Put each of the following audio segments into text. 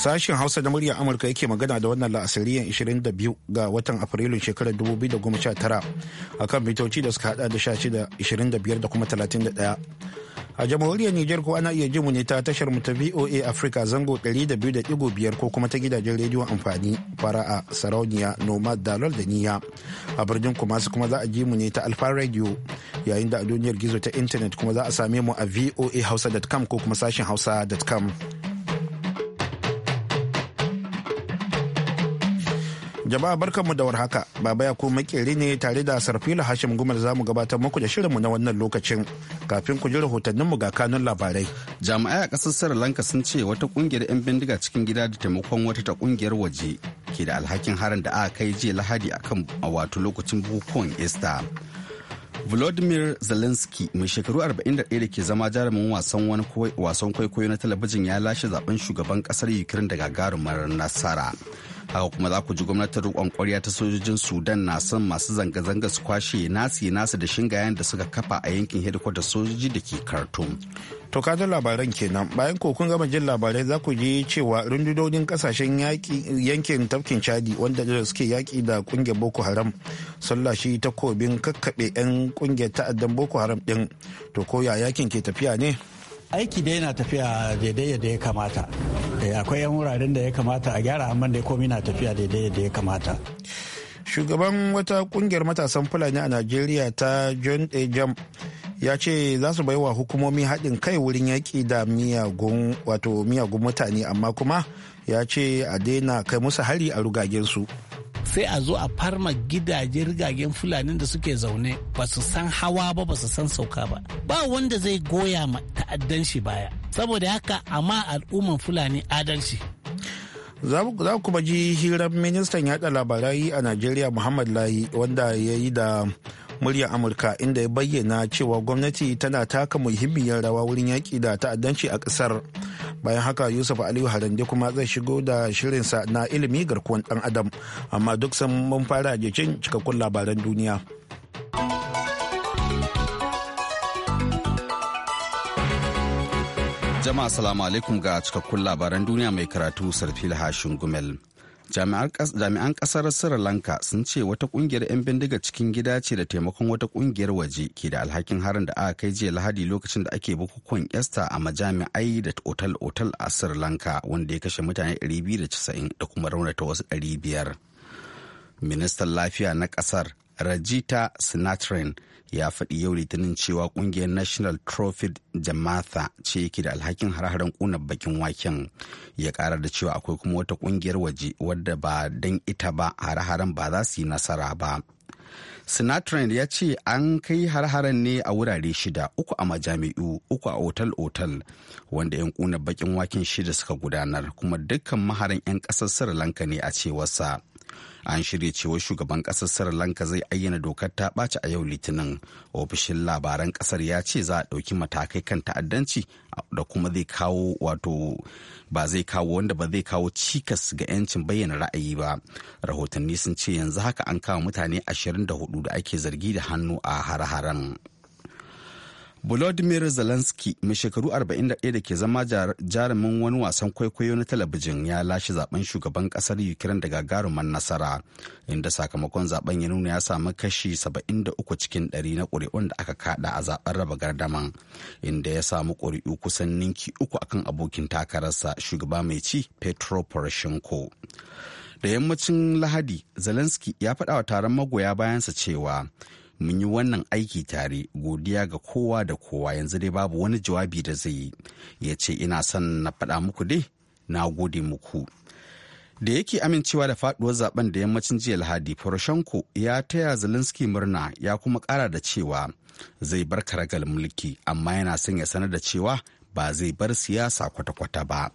Sashen Hausa da murya Amurka yake magana da wannan la'asariyan 22 ga watan Afrilun shekarar 2019 a kan mitoci da suka hada da 16, 25 da kuma 31. A jamhuriyar Nijar ko ana iya ji mu ne ta tashar mu ta VOA Africa zango 200.5 ko kuma ta gidajen rediyon amfani fara'a sarauniya nomad dalol da niya. A birnin kuma su kuma za a ji mu ne ta Alfa Radio yayin da a duniyar gizo ta intanet kuma za a same mu a voahausa.com ko kuma sashen hausa.com. Jama'a barkanmu da warhaka, Baba ya kuma makeri ne tare da Sarfila Hashim Gumar za mu gabatar muku da shirinmu na wannan lokacin kafin ku ji rahotanninmu ga kanun labarai. Jami'ai a ƙasar Sri Lanka sun ce wata kungiyar 'yan bindiga cikin gida da taimakon wata ta kungiyar waje ke da alhakin harin da aka kai jiya Lahadi akan a wato lokacin bukukuwan Easter. Volodymyr Zelensky mai shekaru 41 da ke zama jarumin wasan wani wasan kwaikwayo na talabijin ya lashe zaben shugaban kasar Ukraine da gagarumar nasara. haka kuma za ku ji gwamnatin riƙon ƙwarya ta sojojin sudan na son masu zanga-zanga su kwashe nasi nasu da shingayen da suka kafa a yankin hedikwatar sojoji da ke khartoum to ka labaran kenan bayan ko kun gama jin labarai za ku ji cewa rundunonin kasashen yankin tafkin chadi wanda da suke yaki da kungiyar boko haram sun lashe takobin kakkaɓe 'yan kungiyar ta'addan boko haram din to ko yakin ke tafiya ne aiki dai yana tafiya daidai yadda ya kamata eh, akwai yan wuraren da ya kamata a gyara amma da komai na tafiya daidai yadda ya kamata shugaban wata kungiyar matasan fulani a najeriya ta john a jam ya ce za su baiwa hukumomi haɗin kai wurin yaƙi da miyagun wato miyagun mutane amma kuma ya ce a daina kai musu hari a rugagensu. su sai a zo a farma gidaje rigagen fulani da suke zaune ba su san hawa ba ba su san sauka ba ba wanda zai goya ma ta'addan shi baya saboda haka amma al'umman fulani adalci za ku ji hirar ministan yada labarai a najeriya muhammad layi wanda ya yi da muryar amurka inda ya bayyana cewa gwamnati tana taka muhimmiyar rawa wurin yaƙi da ta'addanci a ƙasar. bayan haka yusuf aliyu harande kuma zai shigo da shirin sa na ilimi garkuwan dan adam amma duk san mun fara jikin cikakkun labaran duniya jama'a salamu alaikum ga cikakkun labaran duniya mai karatu sarfil hashin gumel jami'an kasar sri lanka sun ce wata kungiyar 'yan bindiga cikin gida ce da taimakon wata kungiyar waje ke da alhakin harin da aka kai jiya lahadi lokacin da ake bukukuwan esta a majami'ai da otal-otal a sri lanka wanda ya kashe mutane 290 da kuma raunata wasu 500 ministan lafiya na kasar Rajita Sinatran ya faɗi yau litinin cewa ƙungiyar National Trophy Jamatha ce yake da alhakin har-haren ƙuna bakin waken. Ya ƙara da cewa akwai kuma wata ƙungiyar waje wadda ba don ita ba har-haren ba za su yi nasara ba. Sinatran ya ce an kai har-haren ne a wurare shida, uku a majami'u, uku a otal-otal, wanda 'yan kuna bakin waken shida suka gudanar, kuma dukkan maharan 'yan ƙasar Sri Lanka ne a cewarsa. An shirya cewa shugaban ƙasar Sri Lanka zai ayyana dokar ta ɓaci a yau Litinin. Ofishin labaran ƙasar ya ce za a ɗauki matakai kan ta'addanci da kuma zai kawo wato ba zai kawo wanda ba zai kawo cikas ga 'yancin bayyana ra'ayi ba rahotanni sun ce yanzu haka an kama mutane 24 da ake zargi da hannu a har-haren Volodymyr Zelensky mai shekaru 41 da ke zama jarumin wani wasan kwaikwayo na talabijin ya lashe zaben shugaban kasar Ukraine da gagarumar nasara inda sakamakon zaben ya nuna ya samu kashi 73 cikin 100 na ƙuri'un da aka kada a zaben raba gardaman inda ya samu ƙuri'u kusan ninki uku akan abokin takararsa shugaba mai ci Petro Poroshenko. Da yammacin Lahadi, Zelensky ya faɗa wa taron magoya bayansa cewa mun yi wannan aiki tare godiya ga kowa da kowa yanzu dai babu wani jawabi da zai yi ya ce ina son na faɗa muku dai na gode muku da yake amincewa da faɗuwar zaben da yammacin jiya lahadi poroshenko ya taya zelensky murna ya kuma ƙara da cewa zai bar karagal mulki amma yana son ya sanar da cewa ba zai bar siyasa kwata-kwata ba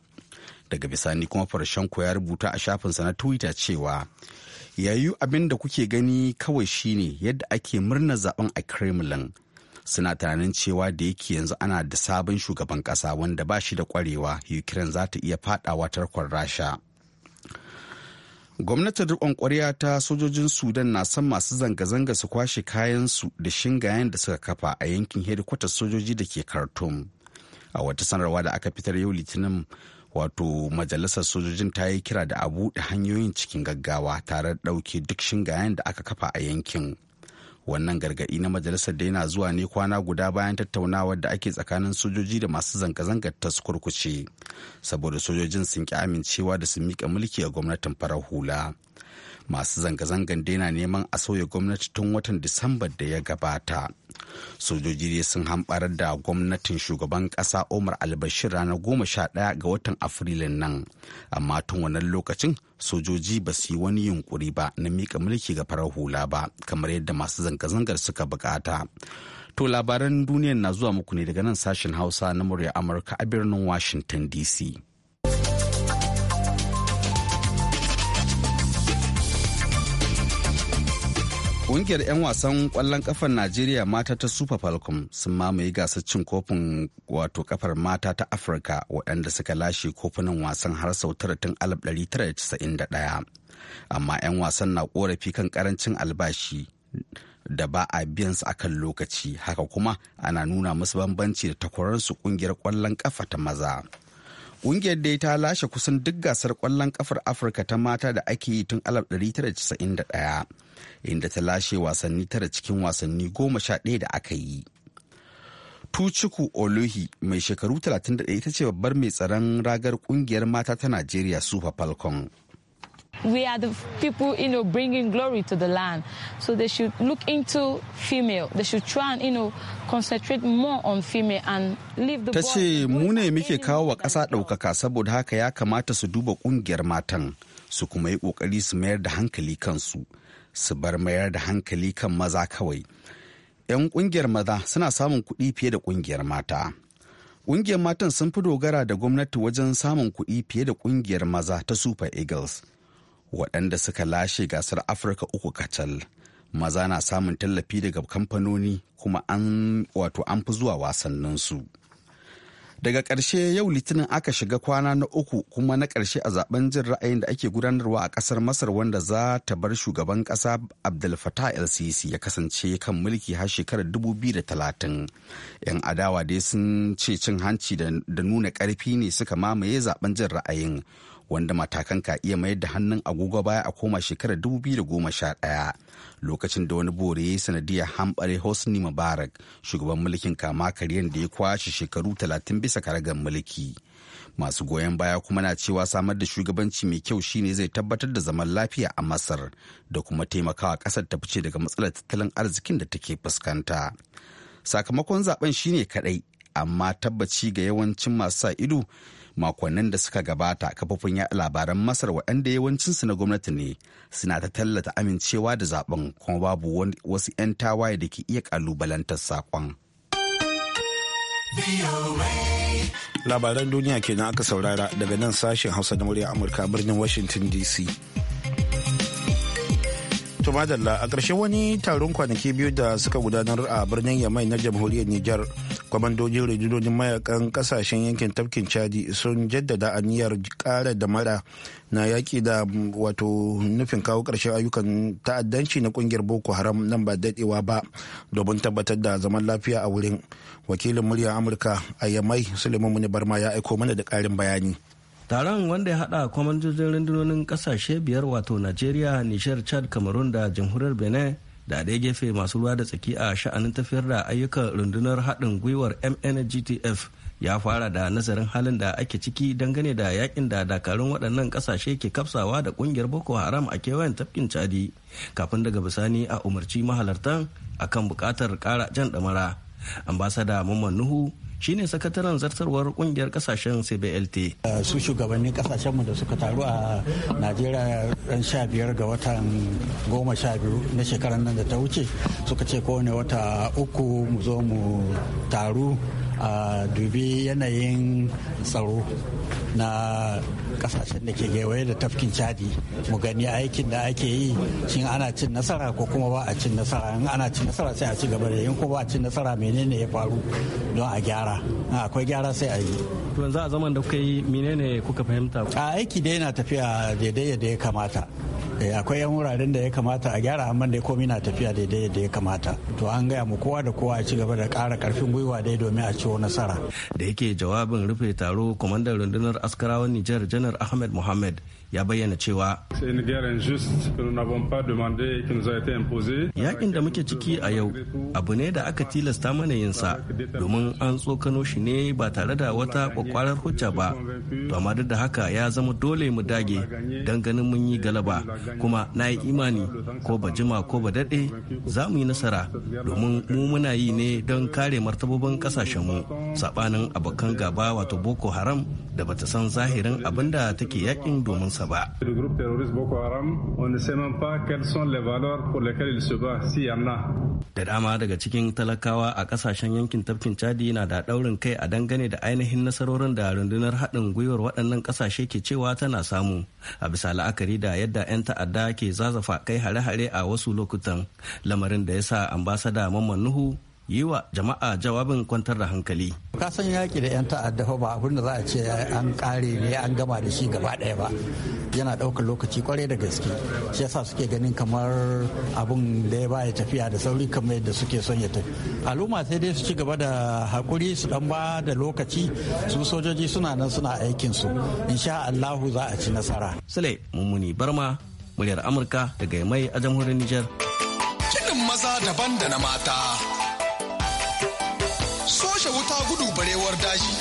daga bisani kuma poroshenko ya rubuta a shafinsa na twitter cewa yayu abin da kuke gani kawai shine yadda ake murnar zaben a kremlin suna tunanin cewa da yake yanzu ana da sabon shugaban kasa wanda ba shi da kwarewa ukraine za ta iya fadawa tarkon rasha gwamnatin rikon ƙwarya ta sojojin sudan na son masu zanga-zanga su kwashe kayansu da shingayen da suka kafa a yankin hedikwatar sojoji da ke khartoum a wata sanarwa da aka fitar yau litinin wato majalisar sojojin ta yi kira da a buɗe hanyoyin cikin gaggawa tare da ɗauke duk shingayen da aka kafa a yankin wannan gargaɗi na majalisar da yana zuwa ne kwana guda bayan tattaunawar da ake tsakanin sojoji da masu zanga-zangar ta kurkuce saboda sojojin sun ki amincewa da su miƙa mulki a gwamnatin farar hula masu zanga-zangan daina neman a sauya gwamnati tun watan disambar da ya gabata sojoji dai sun hamɓarar da gwamnatin shugaban ƙasa omar albashir ranar goma sha ɗaya ga watan afrilun nan amma tun wannan lokacin sojoji ba su yi wani yunkuri ba na miƙa mulki ga farar hula ba kamar yadda masu zanga-zangar suka bukata to labaran duniya na zuwa muku ne daga nan sashen hausa na murya amurka a birnin washington dc Ƙungiyar 'yan wasan ƙwallon ƙafar Najeriya mata ta Super Falcon sun mamaye gasar cin kofin wato ƙafar mata ta Afirka waɗanda suka lashe kofunan wasan har sau tara tun 1991. Amma 'yan wasan na ƙorafi kan ƙarancin albashi da ba a biyan su akan lokaci haka kuma ana nuna musu bambanci da takwararsu ƙungiyar ƙwallon ƙafa ta maza. Ƙungiyar dai ta lashe kusan duk gasar ƙwallon ƙafar Afirka ta mata da ake yi tun 1991. inda ta lashe wasanni tara cikin wasanni goma sha ɗaya da aka yi Tuchuku olohi mai shekaru 31 ita ce babbar mai tsaron ragar kungiyar mata ta najeriya super falcon we are the people you know bringing glory to the land so they should look into female they should try and you know concentrate more on female and leave the tace mu ne muke kawo wa ƙasa ɗaukaka saboda haka ya kamata su duba ƙungiyar matan su kuma yi ƙoƙari su mayar da hankali kansu su bar mayar da hankali kan maza kawai 'yan ƙungiyar maza suna samun kuɗi fiye da ƙungiyar mata Ƙungiyar matan sun fi dogara da gwamnati wajen samun kuɗi fiye da ƙungiyar maza ta super eagles waɗanda suka lashe gasar afirka uku kacal maza na samun tallafi daga kamfanoni kuma an wato an fi zuwa wasanninsu. su daga ƙarshe yau litinin aka shiga kwana na uku kuma na ƙarshe a zaben jin ra'ayin da ake gudanarwa a ƙasar masar wanda za ta bar shugaban ƙasa abdul fattah el sisi ya kasance kan mulki har shekarar 2030 yan adawa dai sun ce cin hanci da nuna ƙarfi ne suka mamaye zaben jin ra'ayin wanda matakan ka iya mayar da hannun agogo baya a koma shekarar 2011 lokacin da wani bore ya yi sanadiyar hambare hosni mubarak shugaban mulkin kama karyar da ya kwashe shekaru 30 bisa karagar mulki masu goyon baya kuma na cewa samar da shugabanci mai kyau shine zai tabbatar da zaman lafiya a masar da kuma taimakawa kasar ta fice daga matsalar tattalin arzikin da take fuskanta sakamakon zaben shine kadai amma tabbaci ga yawancin masu sa ido makonnin da suka gabata kafofin ya labaran masar waɗanda yawancinsu na gwamnati ne suna ta tallata amincewa da zaben kuma babu wasu 'yan tawaye da ke iya kalubalantar saƙon. labaran duniya kenan aka saurara daga nan sashen hausa na murya amurka birnin washington dc To madalla a ƙarshe wani taron kwanaki biyu da suka gudanar a birnin Yamai na jamhuriyar niger kwamandojin rundunonin mayakan kasashen yankin tafkin Chadi sun jaddada aniyar ƙara da mara na yaƙi da wato nufin kawo ƙarshen ayyukan ta'addanci na ƙungiyar Boko Haram nan ba daɗewa ba domin tabbatar da zaman lafiya a wurin. Wakilin muryar Amurka a Yamai Suleiman Muni Barma ya aiko mana da ƙarin bayani. taron wanda ya hada kwamandojin rundunonin kasashe biyar wato najeriya nishar chad cameroon da jamhuriyar benin da ɗaya gefe masu ruwa da tsaki a sha'anin tafiyar da ayyukan rundunar haɗin gwiwar mngtf ya fara da nazarin halin da ake ciki dangane da yakin da dakarun waɗannan ƙasashe ke kafsawa da ƙungiyar boko haram a kewayen tafkin chadi kafin daga bisani a umarci mahalartan akan buƙatar ƙara jan ɗamara ambasada mamman nuhu shine sakataren zartarwar kungiyar kasashen cblt uh, su shugabannin kasashenmu da suka taru a najeriya ran sha biyar ga watan goma sha biyu na shekarar nan da ta wuce suka ce kowane wata uku mu zo mu taru a dubi yanayin tsaro na kasashen da ke gewaye da tafkin chadi mu gani aikin da ake yi shin ana cin nasara ko kuma ba a cin nasara in ana cin nasara sai a ci gaba da yin ko ba a cin nasara menene ya faru don a gyara akwai gyara sai a yi yanzu a zaman da kuka yi menene kuka fahimta a aiki dai yana tafiya daidai yadda ya kamata Eh, akwai yan wuraren da ya kamata a gyara amma da komai na tafiya daidai yadda ya kamata to an gaya mu kowa da kowa a ci gaba da kara karfin gwiwa dai domin a ciwo nasara da yake jawabin rufe taro kwamandan rundunar askarawan nijar janar ahmed muhammad ya bayyana cewa yakin da muke ciki a yau abu ne da aka tilasta mana yinsa domin an tsokano shi ne ba tare da wata kwakwarar hujja ba to amma duk da haka ya zama dole mu dage don ganin mun yi galaba kuma na yi imani ko ba jima ko ba daɗe za mu yi nasara domin mu muna yi ne don kare martabobin ƙasashenmu saɓanin abokan gaba wato boko haram da bata san zahirin abin da take yakin domin sa ba. Da dama daga cikin talakawa a kasashen yankin tafkin Chadi na da daurin kai a dangane da ainihin nasarorin da rundunar haɗin gwiwar waɗannan ƙasashe ke cewa tana samu. A bisa la'akari da yadda 'yan ta'adda ke zazafa kai hare-hare a wasu lokutan, lamarin da ya sa ambasada Mamman Nuhu yi wa jama'a jawabin kwantar da hankali. Ka san yaƙi da 'yan ta'adda ba abin da za a ce an ƙare ne an gama da shi gaba ɗaya ba. Yana ɗaukar lokaci kwarai da gaske. Shi yasa suke ganin kamar abin da ya baya tafiya da sauri kamar yadda suke son ya tafi. Al'umma sai dai su ci gaba da haƙuri su ɗan ba da lokaci su sojoji suna nan suna aikin su. Insha Allahu za a ci nasara. Sule Mummuni Barma muryar Amurka daga Yamai a jamhuriyar Nijar. Kinin maza daban da na mata. soja wuta gudu barewar daji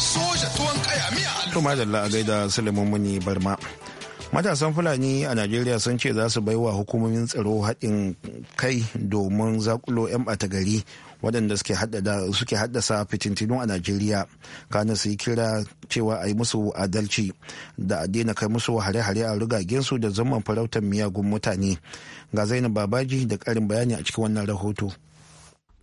soja tuwon kaya miya to a gaida sulaiman muni barma matasan fulani a najeriya sun ce za su baiwa hukumomin tsaro haɗin kai domin zakulo 'yan ɓata gari waɗanda suke haddasa fitintinu a najeriya kana su yi kira cewa a yi musu adalci da a daina kai musu hare-hare a rugagensu da zaman farautar miyagun mutane ga zainab babaji da ƙarin bayani a cikin wannan rahoto.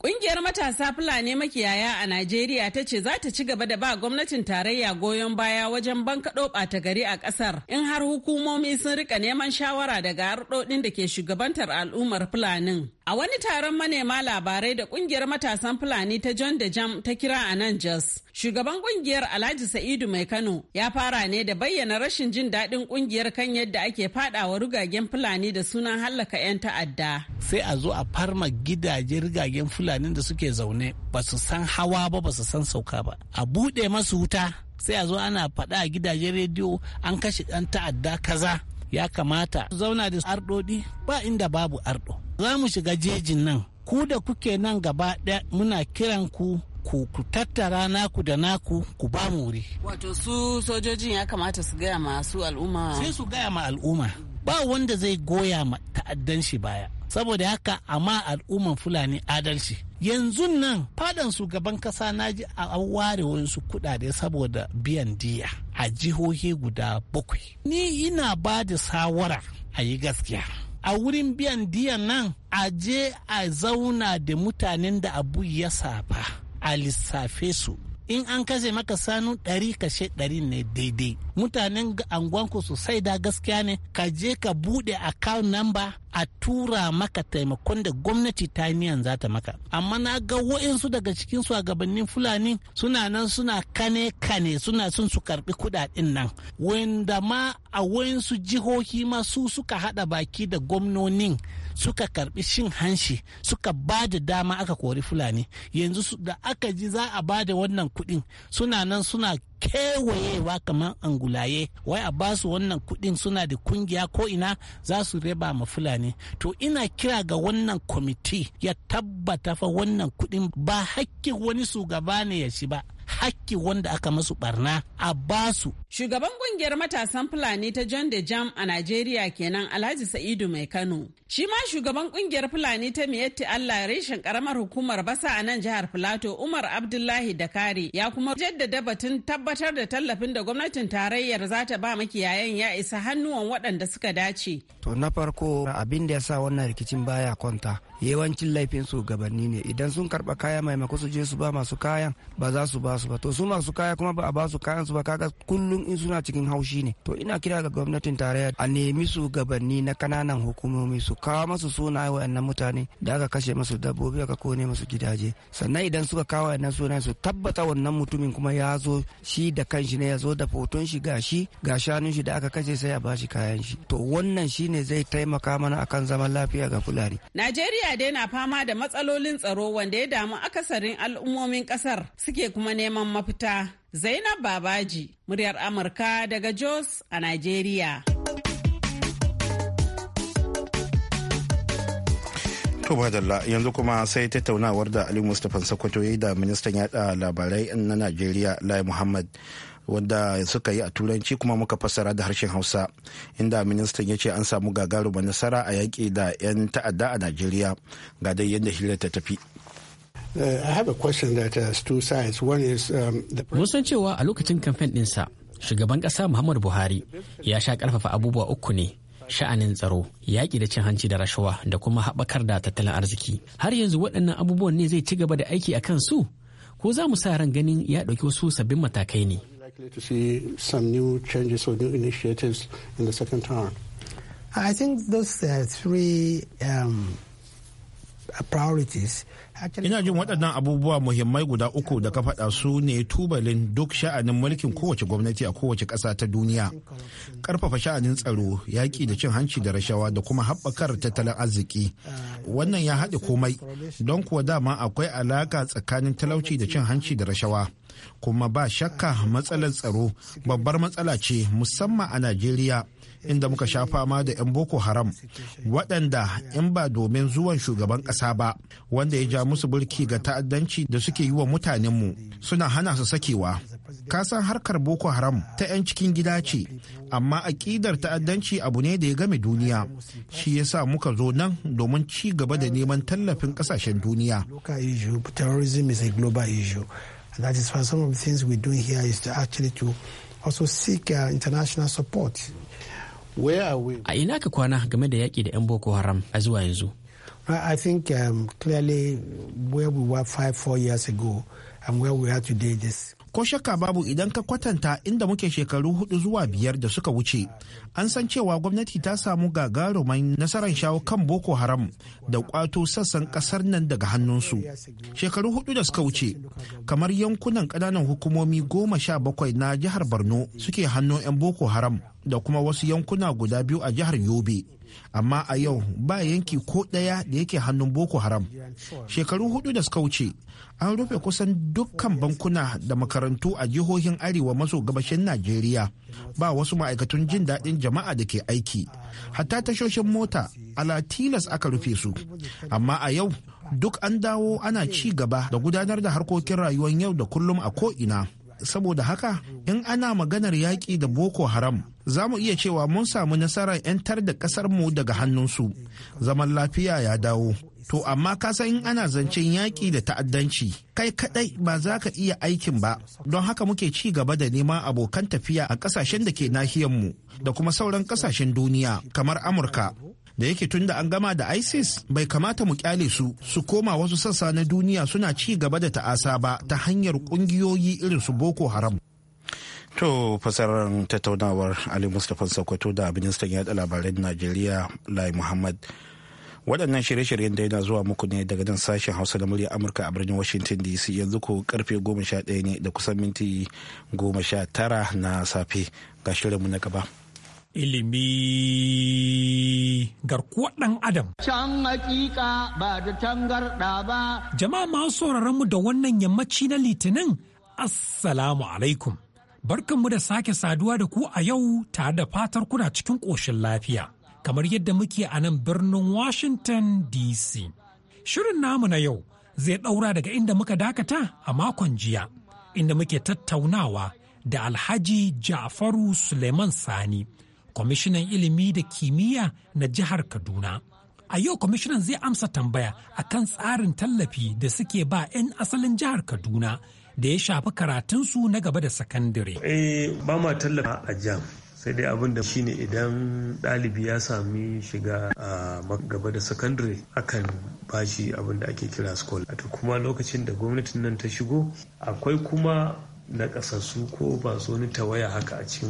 Ƙungiyar matasa Fulani makiyaya a Najeriya ta ce za ta ci gaba da ba gwamnatin tarayya goyon baya wajen bankaɗo ɓata gari a ƙasar in har hukumomi sun rika neman shawara daga harɗoɗin da ke shugabantar al'ummar Fulanin. A wani taron manema labarai da ƙungiyar matasan Fulani ta John da Jam ta kira a nan Jos, Shugaban kungiyar Alhaji Sa'idu Mai Kano ya fara ne da bayyana rashin jin daɗin kungiyar kan yadda ake fadawa rugagen Fulani da sunan hallaka 'yan ta'adda. Sai a zo a farma gidaje rugagen Fulani da suke zaune ba su san hawa ba ba su san sauka ba. A buɗe masu wuta sai a zo ana faɗa a gidajen rediyo an kashe ɗan ta'adda kaza. Ya kamata zauna da arɗoɗi ba inda babu arɗo. Za mu shiga jejin nan ku da kuke nan gaba ɗaya muna kiran ku ku ku tattara naku da naku ku ba wuri wato su sojojin ya kamata su gaya ma su al'umma sai su gaya ma al'umma ba wanda zai goya ma ta'addan shi baya saboda haka amma al'umman fulani adalci yanzu nan fadan gaban kasa na ji a ware wasu kudade saboda biyan diya a jihohi guda bakwai ni ina ba da sawara a yi gaskiya a wurin biyan diyan nan a je a zauna da mutanen da abu ya safa a lissafe su in an kashe maka sanu ɗari kashe ɗari ne daidai mutanen anguwanku su sai da gaskiya ne ka je ka bude account number a tura maka taimakon da gwamnati ta niyan za ta maka amma na ga wa'insu daga cikin su a gabanin fulani suna nan suna kane kane suna sun su karbi kudaden nan wanda ma a wa'insu jihohi ma su suka hada baki da gwamnonin suka karbi shin hanshi suka ba da dama aka kori fulani yanzu da aka ji za a ba da wannan kudin suna nan suna kewayewa kamar angulaye wai a basu wannan kudin suna da kungiya ko ina za su raba ma fulani to ina kira ga wannan kwamiti ya tabbata fa wannan kudin ba hakkin wani shugaba ne ya shi ba hakki wanda aka masu barna a basu. Shugaban kungiyar matasan Fulani ta John de Jam a Najeriya kenan Alhaji Sa'idu Mai Kano. Shi ma shugaban kungiyar Fulani ta Miyatti Allah reshen karamar hukumar Basa a nan jihar Filato Umar Abdullahi Dakari ya kuma jaddada batun tabbatar da tallafin da gwamnatin tarayyar za ta ba makiyayan ya isa hannuwan waɗanda suka dace. To na farko abin da ya sa wannan rikicin baya kwanta yawancin laifin shugabanni ne idan sun karba kaya maimako su je su ba masu kayan ba za su ba ba su ba to su masu kaya kuma ba a ba su kayan su ba kaga kullum in suna cikin haushi ne to ina kira ga gwamnatin tarayya a nemi su gabanni na kananan hukumomi su kawo masu sunaye wayannan mutane da aka kashe masu dabbobi aka kone masu gidaje sannan idan suka kawo wayannan sunaye su tabbata wannan mutumin kuma ya zo shi da kanshi ne ya zo da foton shi ga shi ga shanun shi da aka kashe sai a bashi kayan shi to wannan shine zai taimaka mana akan zaman lafiya ga fulani Najeriya dai na fama da matsalolin tsaro wanda ya damu akasarin al'ummomin kasar suke kuma ne neman mafita. Zainab Babaji, muryar Amurka daga Jos a Najeriya. tobadalla yanzu kuma sai tattaunawar da Ali Mustapha Sokoto ya yi da ministan yada labarai na Najeriya Lai Muhammad wanda suka yi a turanci kuma muka fassara da harshen Hausa inda ministan ya ce an samu gagarumar nasara a yaƙi da 'yan ta'adda a Najeriya ga dai yadda hirar ta tafi. Uh, uh, um, Mun san cewa a lokacin kamfen ɗinsa, shugaban ƙasa Muhammadu Buhari ya sha ƙarfafa abubuwa uku ne sha'anin tsaro yaƙi da cin hanci da rashawa da kuma haɓakar da tattalin arziki har yanzu waɗannan abubuwan ne zai ci gaba da aiki a kan su ko za mu sa ran ganin ya ɗauki wasu sabbin matakai ne I think those uh, three um, priorities ina jin waɗannan abubuwa muhimmai guda uku da ka faɗa su ne tubalin duk sha'anin mulkin kowace gwamnati a kowace ƙasa ta duniya ƙarfafa sha'anin tsaro yaƙi da cin hanci da rashawa da kuma haɓakar tattalin arziki wannan ya haɗe komai don kuwa dama akwai alaƙa tsakanin talauci da cin hanci da rashawa kuma ba shakka matsalar tsaro babbar matsala ce musamman a najeriya inda muka sha fama da 'yan boko haram waɗanda in ba domin zuwan shugaban ƙasa ba wanda ya ja musu burki ga ta'addanci da suke yi wa mutanenmu suna hana su sakewa kasan harkar boko haram ta 'yan cikin gida ce amma aƙidar ta'addanci abu ne da ya game duniya shi ya sa muka zo nan domin ci gaba da neman tallafin ƙasashen duniya And that is why some of the things we're doing here is to actually to also seek uh, international support. Where are we? A ina ka kwana game da yaƙi da 'yan Boko Haram a zuwa yanzu? I think um, clearly where we were five, four years ago and where we are today, this ko shakka babu idan ka kwatanta inda muke shekaru hudu zuwa biyar da suka wuce an san cewa gwamnati ta samu gagarumin nasarar shawo kan boko haram da kwato sassan kasar nan daga hannunsu shekaru hudu da suka wuce kamar yankunan ƙananan hukumomi goma sha bakwai na jihar borno suke hannun 'yan boko haram da kuma wasu yankuna guda biyu a jihar yobe amma a yau ba yanki ko ɗaya da yake hannun boko haram shekaru hudu da suka wuce an rufe kusan dukkan bankuna da makarantu a jihohin arewa maso gabashin najeriya ba wasu ma'aikatun jin daɗin jama'a da ke aiki hatta tashoshin mota ala aka rufe su amma a yau duk an dawo ana ci gaba da gudanar da harkokin rayuwar yau da kullum a ko'ina saboda haka in ana maganar yaƙi da boko haram za mu iya cewa mun samu nasarar 'yantar da ƙasarmu daga hannunsu zaman lafiya ya dawo To amma ka san in ana zancen yaƙi da ta'addanci kai kadai ba za ka iya aikin ba don haka muke ci gaba da neman abokan tafiya a ƙasashen da ke mu da kuma sauran ƙasashen duniya kamar Amurka. Da yake da an gama da ISIS bai kamata mu kyale su su koma wasu sassa na duniya suna ci gaba da ta'asa ba ta hanyar kungiyoyi irin su Boko Haram. To fasarar tattaunawar Ali Mustapha Sokoto da ministan yaɗa labaran Najeriya Lai Muhammad waɗannan shirye-shiryen da yana zuwa muku ne daga nan sashen hausa da murya amurka a birnin washington dc yanzu ko karfe 11 ne da kusan minti 19 na safe ga shirinmu na gaba ilimi garkuwar ɗan adam. Can hakika ba da tangarɗa ba. Jama'a masu sauraron mu da wannan yammaci na litinin Assalamu alaikum. Barkanmu da sake saduwa da ku a yau tare da fatar kuna cikin ƙoshin lafiya. kamar yadda muke a nan birnin Washington DC. Shirin namu na yau zai ɗaura daga inda muka dakata a makon jiya, inda muke tattaunawa da Alhaji Jafaru Suleiman Sani, kwamishinan ilimi da kimiyya na jihar Kaduna. A yau kwamishinan zai amsa tambaya a kan tsarin tallafi da suke ba 'yan asalin jihar Kaduna da ya shafi karatunsu na gaba da sakandare. Eh, ba ma tallafa a jam. sai dai abin da shine idan ɗalibi ya sami shiga a gaba da sakandare akan bashi abin da ake kira a kuma lokacin da gwamnatin nan ta shigo akwai kuma na kasassu ko ba su wani tawaya haka a cikin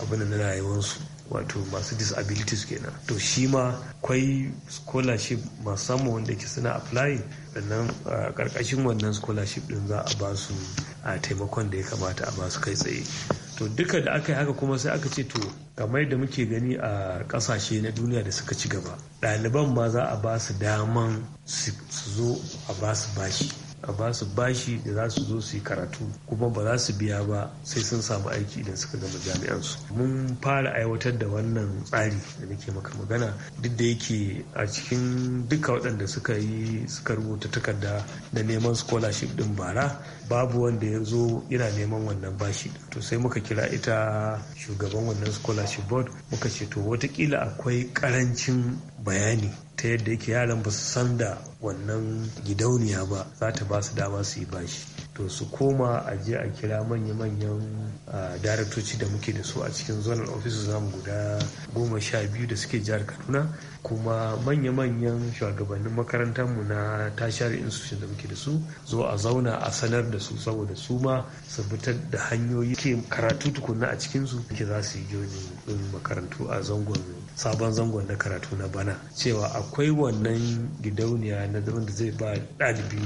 abin na rayuwarsu wato masu disabilities kenan to shi ma kwai scholarship masu samun wanda ke suna apply sannan a karkashin wannan scholarship din za a ba su a taimakon da ya kamata a ba su kai tsaye to duka da aka yi haka kuma sai aka ce to kamar da muke gani a kasashe na duniya da suka ci gaba ɗaliban ma za a ba su daman su zo a ba su bashi a ba su bashi da za su zo su yi karatu kuma ba za su biya ba sai sun samu aiki idan suka gama jami'an su mun fara aiwatar da wannan tsari da nake maka magana duk da yake a cikin duka waɗanda suka yi suka rubuta takarda da neman scholarship din bara babu wanda ya zo yana neman wannan bashi to sai muka kira ita shugaban wannan scholarship board muka ce to watakila akwai karancin bayani ta yadda yake yaran ba su san da wannan gidauniya ba za ta ba su dama su yi bashi to su koma a je a kira manya-manyan daraktoci da muke da su a cikin zonal office zamu guda goma sha biyu da suke jihar kaduna kuma manya-manyan shugabannin makarantarmu na tashar institution da muke da su zo a zauna a sanar da su saboda su ma su fitar da hanyoyi ke karatu tukunna a cikinsu ke za su yi joni makarantu a zangon sabon zangon na karatu na bana cewa akwai wannan gidauniya na da zai ba ɗalibi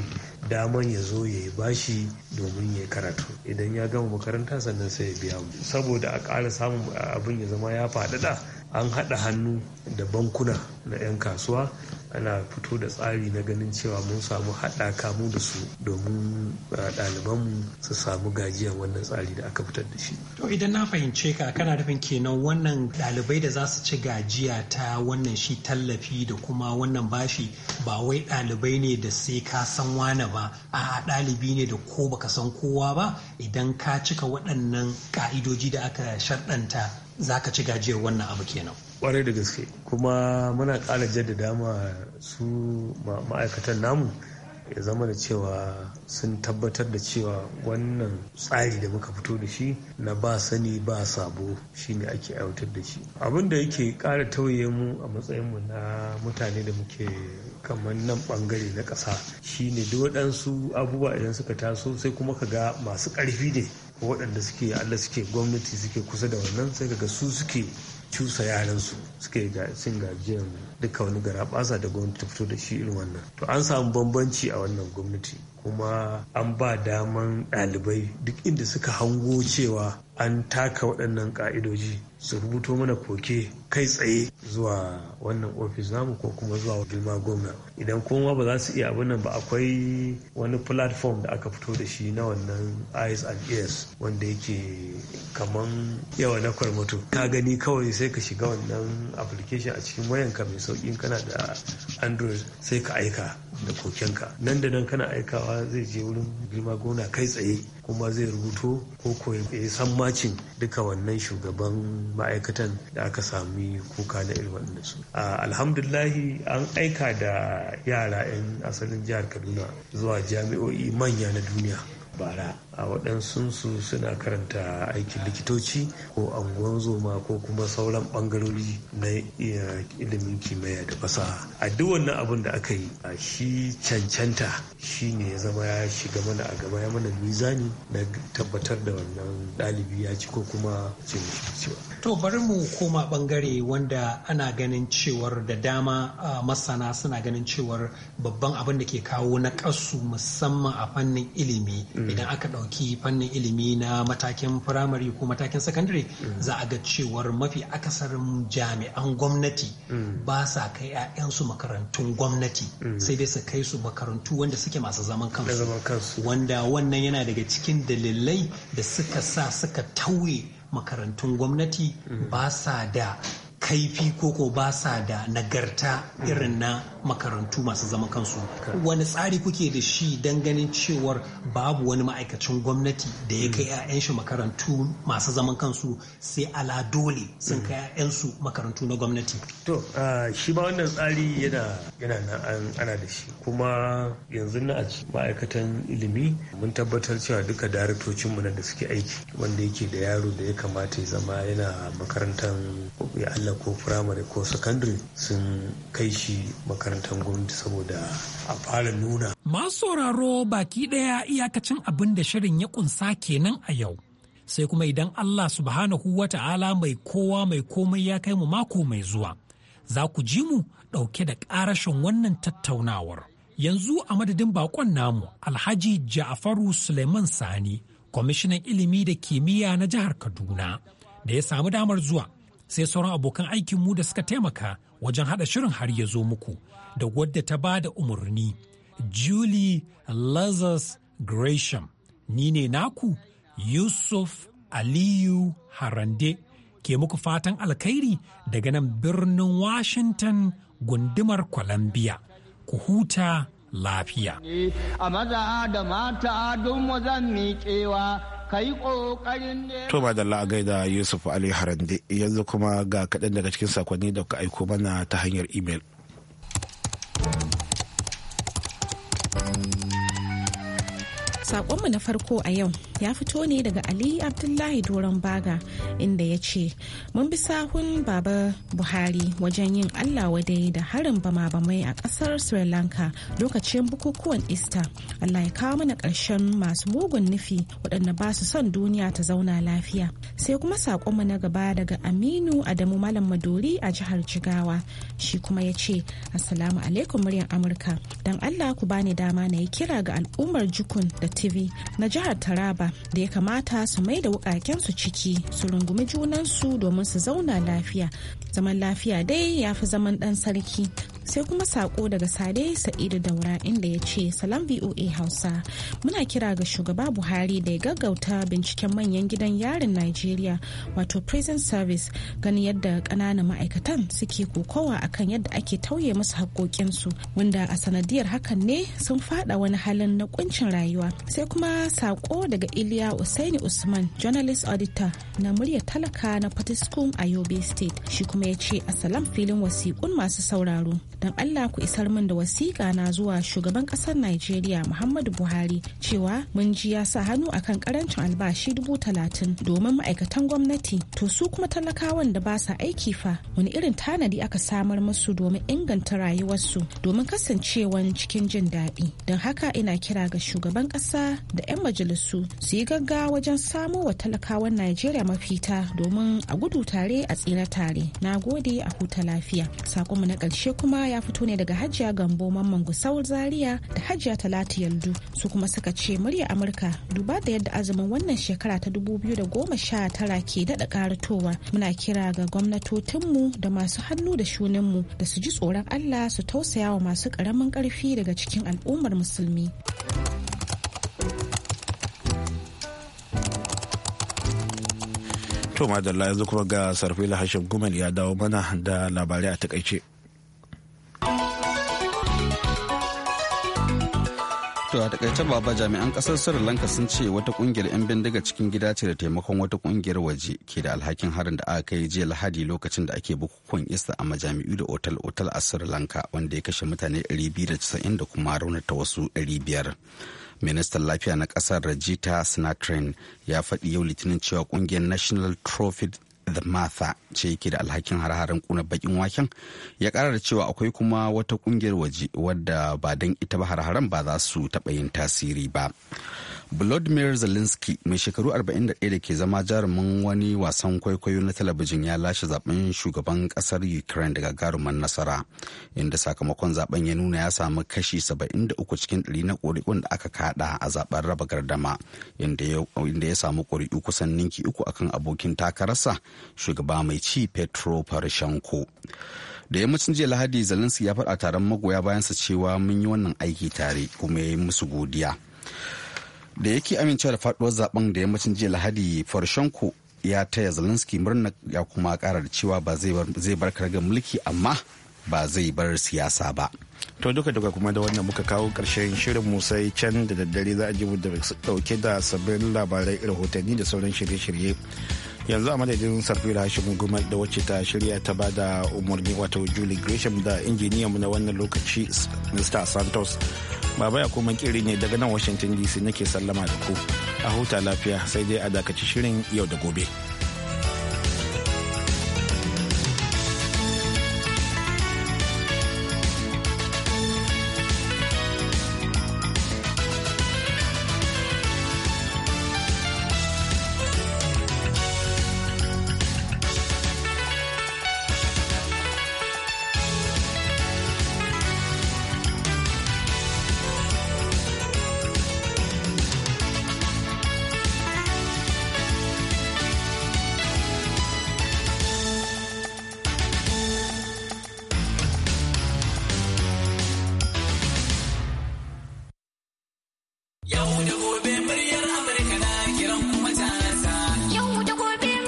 daman ya zo ya yi bashi domin ya karatu idan ya gama makaranta sannan sai ya biya mu saboda a ƙara samun abin ya zama ya faɗaɗa an haɗa hannu da bankuna na 'yan kasuwa ana fito da tsari na ganin cewa mun samu haɗa kamu da su domin eh, mu su samu gajiyan wannan tsari da aka fitar da shi. To idan na fahimce ka kana nufin kenan wannan ɗalibai da za su ci gajiya ta wannan shi tallafi da kuma wannan bashi ba wai ɗalibai ne da sai ka san wane ba a ɗalibi ne da ko baka san kowa ba idan ka cika waɗannan ka'idoji da aka sharɗanta za ka ci gajiyar wannan abu kenan. kwarai da gaske kuma muna ƙara jaddada ma su ma'aikatan namu ya zama da cewa sun tabbatar da cewa wannan tsari da muka fito da shi na ba sani ba sabo shine ake aiwatar da shi abin da yake kara tauye mu a matsayinmu na mutane da muke kamar nan bangare na ƙasa shine duk waɗansu abubuwa idan suka taso sai kuma ka ga masu ƙarfi ne waɗanda suke allah suke gwamnati suke kusa da wannan sai ka ga su suke cusa yaransu suke cin gajiyar duka wani gara basa da gwamnati ta fito da shi irin wannan to an samu bambanci a wannan gwamnati kuma an ba daman ɗalibai duk inda suka hango cewa an taka waɗannan ƙa'idoji su rubuto mana koke kai tsaye zuwa wannan ofis namu ko kuma zuwa girma gwamna idan kuma ba za su iya abin nan ba akwai wani platform da aka fito da shi na wannan eyes and ears wanda yake kaman yawa na kwarmato ka gani kawai sai ka shiga wannan application a cikin wayanka mai sauƙin kana da android sai ka aika da kokenka nan da nan kana aikawa zai je wurin girma gona kai tsaye kuma zai rubuto ko ko ya eh, san macin duka wannan shugaban ma'aikatan da aka sami kuka na irin waɗanda su alhamdulahi an aika da yara 'yan asalin jihar kaduna zuwa jami'o'i manya na duniya bara a waɗansunsu suna karanta aikin likitoci ko anguwan zoma ko kuma sauran bangarori na ilimin kimiyya da fasaha a duk wannan abin da aka yi A shi cancanta shi ne ya zama ya shiga mana a gaba ya mana mizani na tabbatar da wannan ɗalibi ya ci ko kuma cin to bari mu koma bangare wanda ana ganin cewar da dama masana suna ganin cewar babban abin da ke kawo na musamman a fannin ilimi mm. idan aka ɗauke. ɗauki fannin ilimi na matakin firamare ko matakin sakandare mm. za a ga cewar mafi akasarin jami'an gwamnati mm. ba sa kai 'ya'yansu makarantun gwamnati mm. sai dai su kai su makarantu wanda suke masu zaman kansu wanda wannan yana daga cikin dalilai da suka sa suka tauye makarantun gwamnati ba sa da kaifi ko ko ba sa da nagarta irin na makarantu masu zaman kansu wani tsari kuke da shi don ganin cewar babu wani ma'aikacin gwamnati da ya kai 'ya'yan hmm. shi makarantu masu zaman kansu sai ala dole sun kai 'ya'yansu hmm. makarantu na gwamnati to shi ba wannan tsari yana yana nan ana da shi kuma yanzu na a ma'aikatan ilimi mun tabbatar cewa duka daraktocin mu da suke aiki wanda yake da yaro da ya kamata ya zama yana makarantar ya Allah ko firamare ko sakandare sun kai shi makarantar makarantar gwamnati saboda a fara nuna. Masu sauraro baki ɗaya iyakacin abin da shirin ya kunsa kenan a yau. Sai kuma idan Allah subhanahu wa ta'ala mai kowa mai komai ya kai mu mako mai zuwa. Za ku ji mu ɗauke da ƙarashin wannan tattaunawar. Yanzu a madadin baƙon namu Alhaji ja'afaru Suleiman Sani, kwamishinan ilimi da kimiyya na jihar Kaduna, da ya samu damar zuwa sai sauran abokan aikinmu da suka taimaka wajen haɗa shirin har ya zo muku da wadda ta ba da umarni Julie Lazarus Gresham. Ni ne naku Yusuf Aliyu Harande ke muku fatan alkhairi daga nan birnin Washington gundumar Columbia. Ku huta lafiya. Eh, a maza da mata don zan miƙewa To ba da la'agai Yusuf Ali Harande yanzu kuma ga kaɗan daga cikin sakonni da ka aiko mana ta hanyar imel. saƙonmu na farko a yau ya fito ne daga Ali Abdullahi Doron Baga inda ya ce, Mun bi sahun Baba Buhari wajen yin Allah wadai da harin bama-bamai a kasar Sri Lanka lokacin bukukuwan Easter. Allah ya kawo mana ƙarshen masu mugun nufi waɗanda ba su son duniya ta zauna lafiya. Sai kuma saƙonmu na gaba daga Aminu Adamu Malam Madori a jihar Jigawa. Shi kuma ya ce, Assalamu alaikum muryar Amurka. Don Allah ku bani dama na yi kira ga al'ummar Jukun da TV na jihar Taraba da ya kamata su mai da su ciki su rungumi junansu domin su zauna lafiya zaman lafiya dai ya fi zaman ɗan sarki sai kuma sako daga sade sa'idu daura inda ya ce salam voa hausa muna kira ga shugaba buhari da ya gaggauta binciken manyan gidan yarin nigeria wato prison service gani yadda ƙananan ma'aikatan suke kokowa akan yadda ake tauye musu haƙoƙinsu wanda a sanadiyar hakan ne sun fada wani halin na kuncin rayuwa sai kuma sako daga iliya usaini usman journalist auditor na murya talaka na patiskum a yobe state shi kuma ya ce a salam filin wasiƙun masu sauraro don Allah ku isar min da wasiƙa na zuwa shugaban ƙasar Najeriya Muhammadu Buhari cewa mun ji ya sa hannu akan karancin albashi dubu talatin domin ma'aikatan gwamnati to su kuma talakawan da ba sa aiki fa wani irin tanadi aka samar musu domin inganta rayuwarsu domin kasancewan cikin jin daɗi don haka ina kira ga shugaban ƙasa da 'yan majalisu su yi gaggawa wajen samo wa talakawan Najeriya mafita domin a gudu tare a tsira tare na gode a huta lafiya sakonmu na ƙarshe kuma ya fito ne daga Hajiya Gambo Mamman Gusau Zaria da Hajiya Talatu Yaldu su kuma suka ce murya Amurka duba da yadda azumin wannan shekara ta dubu da goma sha tara ke daɗa karatowa muna kira ga gwamnatotinmu da masu hannu da shuninmu da su ji tsoron Allah su tausaya wa masu ƙaramin ƙarfi daga cikin al'ummar musulmi. To madalla yanzu kuma ga sarfila hashim gumal ya dawo mana da labarai a takaice. To a takaice baba jami'an kasar Sri Lanka sun ce wata kungiyar 'yan bindiga cikin gida ce da taimakon wata kungiyar waje ke da alhakin harin da aka kai jiya Lahadi lokacin da ake bukukuwan Easter a majami'u da otal-otal a Sri Lanka wanda ya kashe mutane 290 da kuma raunata wasu 500. ministan lafiya na kasar rajita sinatrain ya faɗi yau litinin cewa kungiyar national trophy the matha ce yake da alhakin har harin kuna bakin waken ya kara da cewa akwai kuma wata kungiyar waje wadda ba don ita ba har-haren ba za su taɓa yin tasiri ba Vladimir Zelensky mai shekaru 41 da ke zama jarumin wani wasan kwaikwayo na talabijin ya lashe zaben shugaban kasar Ukraine daga garuman nasara inda sakamakon zaben ya nuna ya samu kashi 73 cikin 100 na ƙuri'un da aka kada a zaben raba gardama inda ya samu ƙuri'u kusan ninki uku akan abokin takararsa shugaba mai ci Petro Poroshenko. da yammacin jiya lahadi zelensky ya faɗa taron magoya bayansa cewa mun yi wannan aiki tare kuma ya yi musu godiya da yake amincewa da faduwar zaben da yammacin jiya lahadi poroshenko ya taya zelensky murna ya kuma kara da cewa ba zai bar kargar mulki amma ba zai bar siyasa ba to duka duka kuma da wannan muka kawo karshen shirin mu sai can da daddare za a ji mu da dauke da sabbin labarai rahotanni da sauran shirye-shirye yanzu a madadin da hashimin gumal da wacce ta shirya ta ba da umarni wato julie gresham da mu na wannan lokaci mr santos baba ya kuma kiri ne daga nan washington dc nake sallama da ku a huta lafiya sai dai a dakaci shirin yau da gobe.